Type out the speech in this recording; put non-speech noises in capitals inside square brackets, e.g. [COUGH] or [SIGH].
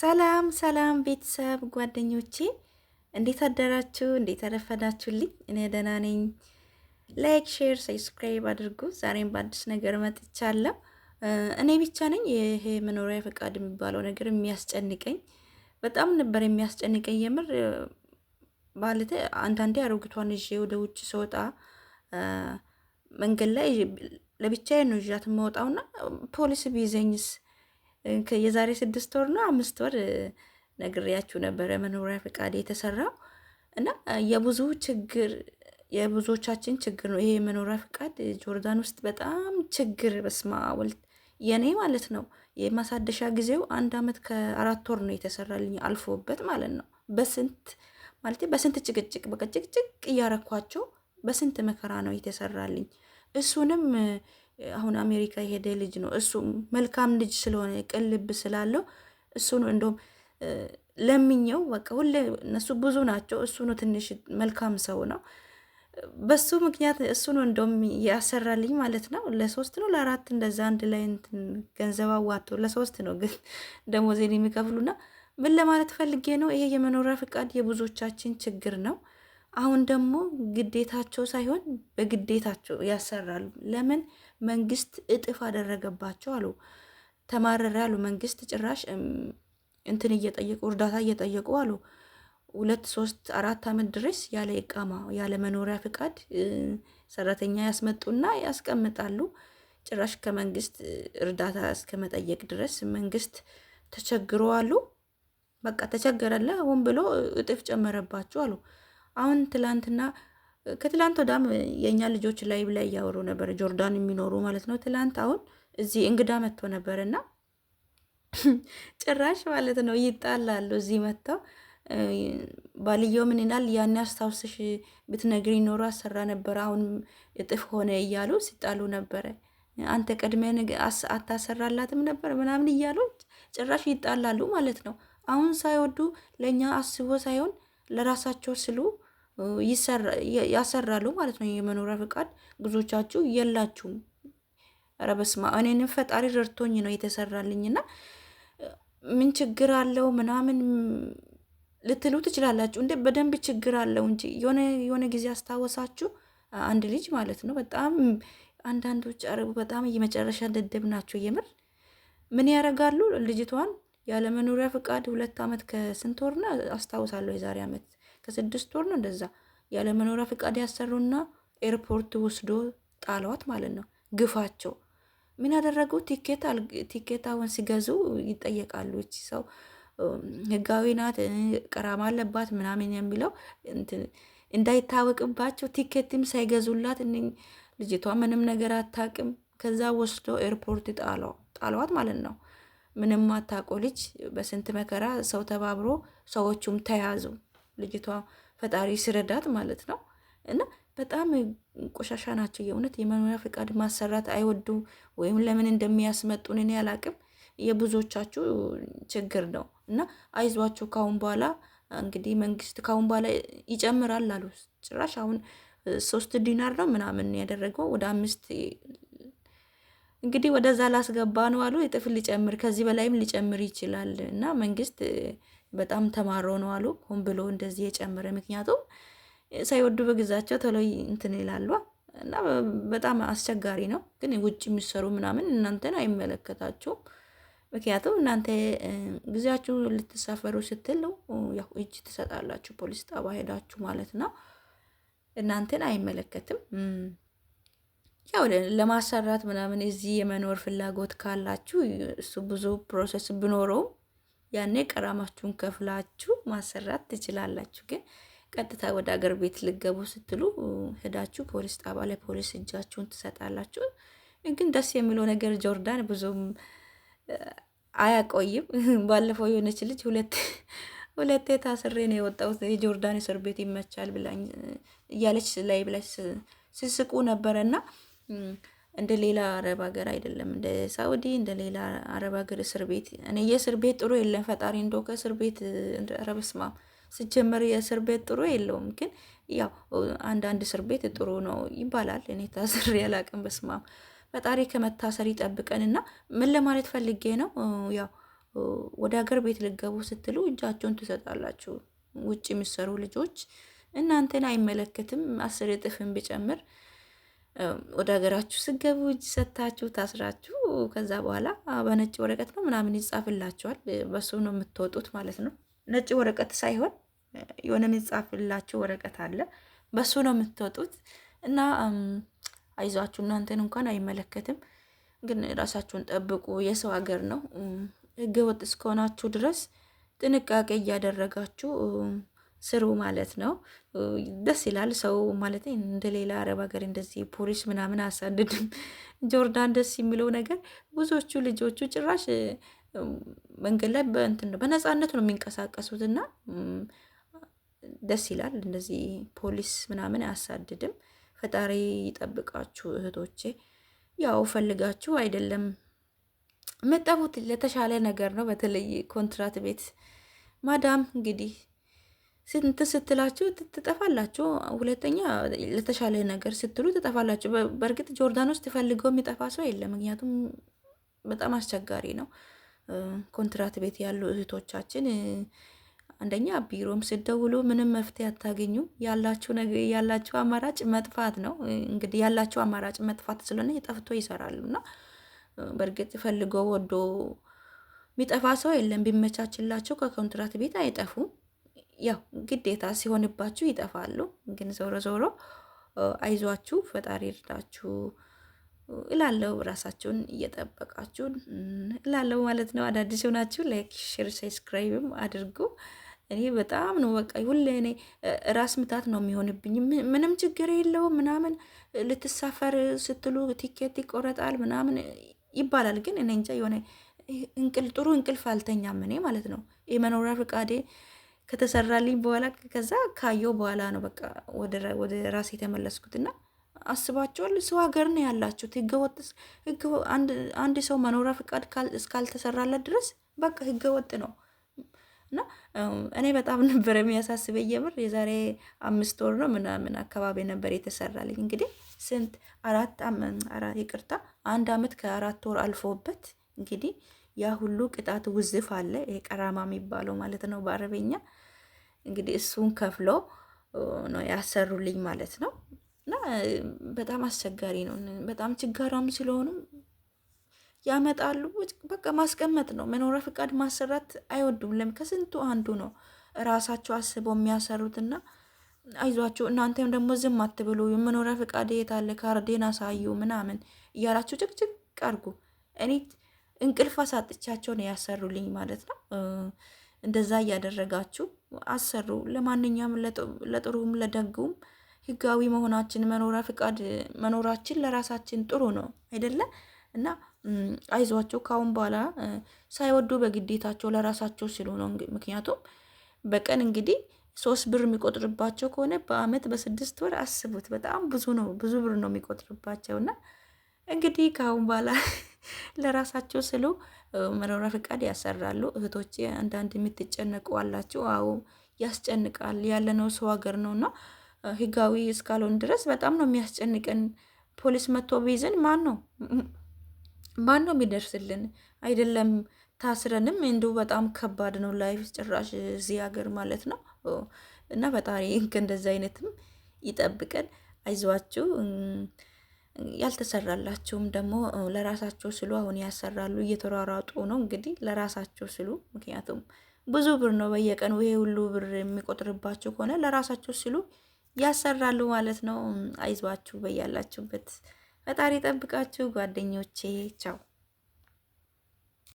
ሰላም ሰላም ቤተሰብ ጓደኞቼ እንዴት አደራችሁ? እንዴት አረፈዳችሁልኝ? እኔ ደህና ነኝ። ላይክ፣ ሼር፣ ሰብስክራይብ አድርጉ። ዛሬም በአዲስ ነገር መጥቻለሁ። እኔ ብቻ ነኝ ይሄ መኖሪያ ፈቃድ የሚባለው ነገር የሚያስጨንቀኝ በጣም ነበር የሚያስጨንቀኝ የምር ማለት አንዳንዴ አሮጊቷን ይዤ ወደ ውጭ ስወጣ መንገድ ላይ ለብቻዬ ነው ይዣት የምወጣውና ፖሊስ ቢይዘኝስ የዛሬ ስድስት ወር ነው አምስት ወር ነግሬያችሁ ነበረ የመኖሪያ ፈቃድ የተሰራው እና የብዙ ችግር የብዙዎቻችን ችግር ነው ይሄ የመኖሪያ ፈቃድ ጆርዳን ውስጥ በጣም ችግር በስማ ወልድ የኔ ማለት ነው የማሳደሻ ጊዜው አንድ አመት ከአራት ወር ነው የተሰራልኝ አልፎበት ማለት ነው በስንት ማለት በስንት ጭቅጭቅ በቃ ጭቅጭቅ እያረኳቸው በስንት መከራ ነው የተሰራልኝ እሱንም አሁን አሜሪካ የሄደ ልጅ ነው። እሱ መልካም ልጅ ስለሆነ ልብ ስላለው እሱ ነው እንደውም ለምኘው በቃ ሁሌ እነሱ ብዙ ናቸው። እሱ ነው ትንሽ መልካም ሰው ነው። በሱ ምክንያት እሱ ነው እንደውም ያሰራልኝ ማለት ነው። ለሶስት ነው ለአራት እንደዛ አንድ ላይ እንትን ገንዘብ አዋቶ ለሶስት ነው ግን ደሞዜን የሚከፍሉና ምን ለማለት ፈልጌ ነው፣ ይሄ የመኖሪያ ፍቃድ የብዙዎቻችን ችግር ነው። አሁን ደግሞ ግዴታቸው ሳይሆን በግዴታቸው ያሰራሉ። ለምን መንግስት እጥፍ አደረገባቸው አሉ። ተማረረ አሉ። መንግስት ጭራሽ እንትን እየጠየቁ እርዳታ እየጠየቁ አሉ። ሁለት ሶስት አራት አመት ድረስ ያለ እቃማ ያለ መኖሪያ ፍቃድ ሰራተኛ ያስመጡና ያስቀምጣሉ። ጭራሽ ከመንግስት እርዳታ እስከመጠየቅ ድረስ መንግስት ተቸግሮ አሉ። በቃ ተቸገረለ ሆን ብሎ እጥፍ ጨመረባቸው አሉ። አሁን ትላንትና ከትላንት ወዳም የእኛ ልጆች ላይ ላይ እያወሩ ነበረ፣ ጆርዳን የሚኖሩ ማለት ነው። ትላንት አሁን እዚህ እንግዳ መጥቶ ነበር እና ጭራሽ ማለት ነው ይጣላሉ። እዚህ መጥተው ባልየው ምን ይላል፣ ያን አስታውስሽ ብትነግሪ ኖሮ አሰራ ነበር፣ አሁን እጥፍ ሆነ እያሉ ሲጣሉ ነበረ። አንተ ቀድሜ አታሰራላትም ነበር ምናምን እያሉ ጭራሽ ይጣላሉ ማለት ነው። አሁን ሳይወዱ ለእኛ አስቦ ሳይሆን ለራሳቸው ስሉ ያሰራሉ ማለት ነው። የመኖሪያ ፍቃድ ብዙዎቻችሁ የላችሁም። ኧረ በስመ አብ እኔንም ፈጣሪ ረድቶኝ ነው የተሰራልኝና ምን ችግር አለው ምናምን ልትሉ ትችላላችሁ። እንደ በደንብ ችግር አለው እንጂ የሆነ የሆነ ጊዜ አስታወሳችሁ አንድ ልጅ ማለት ነው። በጣም አንዳንዶች አረቡ በጣም የመጨረሻ ደደብ ናቸው። የምር ምን ያደርጋሉ? ልጅቷን ያለመኖሪያ ፍቃድ ሁለት ዓመት ከስንት ወር ነው አስታውሳለሁ፣ የዛሬ ዓመት ከስድስት ወር ነው እንደዛ ያለመኖሪያ ፍቃድ ያሰሩና ኤርፖርት ወስዶ ጣሏት ማለት ነው። ግፋቸው ምን ያደረጉ ቲኬት አሁን ሲገዙ ይጠየቃሉ። እቺ ሰው ህጋዊ ናት፣ ቀራማ አለባት ምናምን የሚለው እንዳይታወቅባቸው ቲኬትም ሳይገዙላት ልጅቷ ምንም ነገር አታቅም። ከዛ ወስዶ ኤርፖርት ጣሏት ማለት ነው። ምንም አታቆ ልጅ በስንት መከራ ሰው ተባብሮ ሰዎቹም ተያዙ። ልጅቷ ፈጣሪ ስረዳት ማለት ነው። እና በጣም ቆሻሻ ናቸው የእውነት የመኖሪያ ፈቃድ ማሰራት አይወዱ ወይም ለምን እንደሚያስመጡን እኔ አላቅም። የብዙዎቻችሁ ችግር ነው እና አይዟቸው ካሁን በኋላ እንግዲህ መንግስት ካሁን በኋላ ይጨምራል አሉ። ጭራሽ አሁን ሶስት ዲናር ነው ምናምን ያደረገው ወደ አምስት እንግዲህ ወደዛ ላስገባ ነው አሉ። እጥፍ ሊጨምር ከዚህ በላይም ሊጨምር ይችላል እና መንግስት በጣም ተማሮ ነው አሉ። ሆን ብሎ እንደዚህ የጨመረ ምክንያቱም ሳይወዱ በግዛቸው ተለይ እንትን ይላሉ እና በጣም አስቸጋሪ ነው። ግን ውጭ የሚሰሩ ምናምን እናንተን አይመለከታችሁም። ምክንያቱም እናንተ ጊዜያችሁ ልትሳፈሩ ስትል እጅ ትሰጣላችሁ፣ ፖሊስ ጣባ ሄዳችሁ ማለት ነው። እናንተን አይመለከትም። ያው ለማሰራት ምናምን እዚህ የመኖር ፍላጎት ካላችሁ እሱ ብዙ ፕሮሰስ ብኖረውም ያኔ ቀራማችሁን ከፍላችሁ ማሰራት ትችላላችሁ። ግን ቀጥታ ወደ አገር ቤት ልገቡ ስትሉ ሄዳችሁ ፖሊስ ጣባ ላይ ፖሊስ እጃችሁን ትሰጣላችሁ። ግን ደስ የሚለው ነገር ጆርዳን ብዙም አያቆይም። [LAUGHS] ባለፈው የሆነች ልጅ ሁለት [LAUGHS] ሁለቴ ታስሬ ነው የወጣሁት የጆርዳን እስር ቤት ይመቻል ብላኝ እያለች ላይ ብላ ሲስቁ ነበረና እንደ ሌላ አረብ ሀገር አይደለም፣ እንደ ሳውዲ እንደ ሌላ አረብ ሀገር እስር ቤት እኔ የእስር ቤት ጥሩ የለም። ፈጣሪ እንደው ከእስር ቤት ረብስማም ስጀመር የእስር ቤት ጥሩ የለውም። ግን ያው አንዳንድ እስር ቤት ጥሩ ነው ይባላል። እኔ ታስሬ አላቅም። በስማም ፈጣሪ ከመታሰር ይጠብቀንና ምን ለማለት ፈልጌ ነው? ያው ወደ ሀገር ቤት ልገቡ ስትሉ እጃቸውን ትሰጣላችሁ። ውጭ የሚሰሩ ልጆች እናንተን አይመለከትም። አስር እጥፍን ብጨምር ወደ ሀገራችሁ ስገቡ እጅ ሰታችሁ ታስራችሁ ከዛ በኋላ በነጭ ወረቀት ነው ምናምን ይጻፍላችኋል። በሱ ነው የምትወጡት ማለት ነው። ነጭ ወረቀት ሳይሆን የሆነ የሚጻፍላችሁ ወረቀት አለ። በሱ ነው የምትወጡት እና አይዟችሁ፣ እናንተን እንኳን አይመለከትም። ግን ራሳችሁን ጠብቁ። የሰው ሀገር ነው። ህገ ወጥ እስከሆናችሁ ድረስ ጥንቃቄ እያደረጋችሁ ስሩ ማለት ነው። ደስ ይላል። ሰው ማለት እንደ ሌላ አረብ ሀገር እንደዚህ ፖሊስ ምናምን አሳድድም። ጆርዳን ደስ የሚለው ነገር ብዙዎቹ ልጆቹ ጭራሽ መንገድ ላይ በእንትን ነው በነፃነት ነው የሚንቀሳቀሱት እና ደስ ይላል። እንደዚህ ፖሊስ ምናምን አያሳድድም። ፈጣሪ ይጠብቃችሁ እህቶቼ። ያው ፈልጋችሁ አይደለም መጠፉት ለተሻለ ነገር ነው። በተለይ ኮንትራት ቤት ማዳም እንግዲህ ስንት ስትላችሁ ትጠፋላችሁ። ሁለተኛ ለተሻለ ነገር ስትሉ ትጠፋላችሁ። በእርግጥ ጆርዳን ውስጥ ፈልገው የሚጠፋ ሰው የለም። ምክንያቱም በጣም አስቸጋሪ ነው። ኮንትራት ቤት ያሉ እህቶቻችን አንደኛ ቢሮም ስደውሉ ምንም መፍትሄ አታገኙ ያላችሁ ያላችሁ አማራጭ መጥፋት ነው። እንግዲህ ያላችሁ አማራጭ መጥፋት ስለሆነ የጠፍቶ ይሰራሉ እና በእርግጥ ፈልጎ ወዶ የሚጠፋ ሰው የለም። ቢመቻችላቸው ከኮንትራት ቤት አይጠፉም። ያው ግዴታ ሲሆንባችሁ ይጠፋሉ። ግን ዞሮ ዞሮ አይዟችሁ፣ ፈጣሪ እርዳችሁ እላለው። ራሳችሁን እየጠበቃችሁ እላለው ማለት ነው። አዳዲስ ሆናችሁ ላይክ፣ ሼር፣ ሰብስክራይብም አድርጉ። እኔ በጣም ነው በቃ ሁሌ እኔ ራስ ምታት ነው የሚሆንብኝ። ምንም ችግር የለውም ምናምን ልትሳፈር ስትሉ ቲኬት ይቆረጣል ምናምን ይባላል። ግን እኔ እንጃ የሆነ እንቅል ጥሩ እንቅልፍ አልተኛም እኔ ማለት ነው የመኖሪያ ፈቃዴ ከተሰራልኝ በኋላ ከዛ ካየው በኋላ ነው በቃ ወደ ራሴ የተመለስኩትና አስባቸዋል። ሰው ሀገር ነው ያላችሁት። ህገወጥ አንድ ሰው መኖሪያ ፈቃድ እስካልተሰራለት ድረስ በቃ ህገወጥ ነው እና እኔ በጣም [LAUGHS] ነበር የሚያሳስበኝ የምር የዛሬ አምስት ወር ነው ምናምን አካባቢ ነበር የተሰራልኝ። እንግዲህ ስንት አራት ይቅርታ አንድ አመት ከአራት ወር አልፎበት እንግዲህ ያ ሁሉ ቅጣት ውዝፍ አለ። ይሄ ቀራማ የሚባለው ማለት ነው በአረበኛ እንግዲህ እሱን ከፍሎ ነው ያሰሩልኝ ማለት ነው። እና በጣም አስቸጋሪ ነው። በጣም ችጋራም ስለሆኑ ያመጣሉ። በቃ ማስቀመጥ ነው። መኖሪያ ፈቃድ ማሰራት አይወዱም። ለም ከስንቱ አንዱ ነው እራሳቸው አስበው የሚያሰሩትና አይዟችሁ እናንተም ደግሞ ዝም አትብሉ፣ የመኖሪያ ፍቃድ የት አለ ካርዴን አሳዩ ምናምን እያላችሁ ጭቅጭቅ አርጉ እኔ እንቅልፍ አሳጥቻቸው ነው ያሰሩልኝ ማለት ነው። እንደዛ እያደረጋችሁ አሰሩ። ለማንኛውም ለጥሩም ለደጉም ህጋዊ መሆናችን መኖሪያ ፍቃድ መኖራችን ለራሳችን ጥሩ ነው አይደለ? እና አይዟቸው ከአሁን በኋላ ሳይወዱ በግዴታቸው ለራሳቸው ሲሉ ነው። ምክንያቱም በቀን እንግዲህ ሶስት ብር የሚቆጥርባቸው ከሆነ በአመት በስድስት ወር አስቡት። በጣም ብዙ ነው፣ ብዙ ብር ነው የሚቆጥርባቸውና እንግዲህ ከአሁን በኋላ [LAUGHS] ለራሳቸው ስሉ መኖሪያ ፍቃድ ያሰራሉ። እህቶች አንዳንድ የምትጨነቁ አላችሁ። አዎ ያስጨንቃል። ያለነው ሰው ሀገር ነው እና ህጋዊ እስካልሆን ድረስ በጣም ነው የሚያስጨንቀን። ፖሊስ መጥቶ ቢይዘን ማን ነው ማን ነው የሚደርስልን? አይደለም ታስረንም እንዲሁ በጣም ከባድ ነው ላይፍ ጭራሽ እዚህ ሀገር ማለት ነው። እና ፈጣሪ [LAUGHS] ከእንደዚ አይነትም ይጠብቀን። አይዟችሁ ያልተሰራላቸውም ደግሞ ለራሳቸው ስሉ አሁን ያሰራሉ፣ እየተሯሯጡ ነው እንግዲህ ለራሳቸው ስሉ። ምክንያቱም ብዙ ብር ነው በየቀኑ ይሄ ሁሉ ብር የሚቆጥርባቸው ከሆነ ለራሳቸው ስሉ ያሰራሉ ማለት ነው። አይዟችሁ፣ በያላችሁበት ፈጣሪ ጠብቃችሁ ጓደኞቼ፣ ቻው።